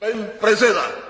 Παίρν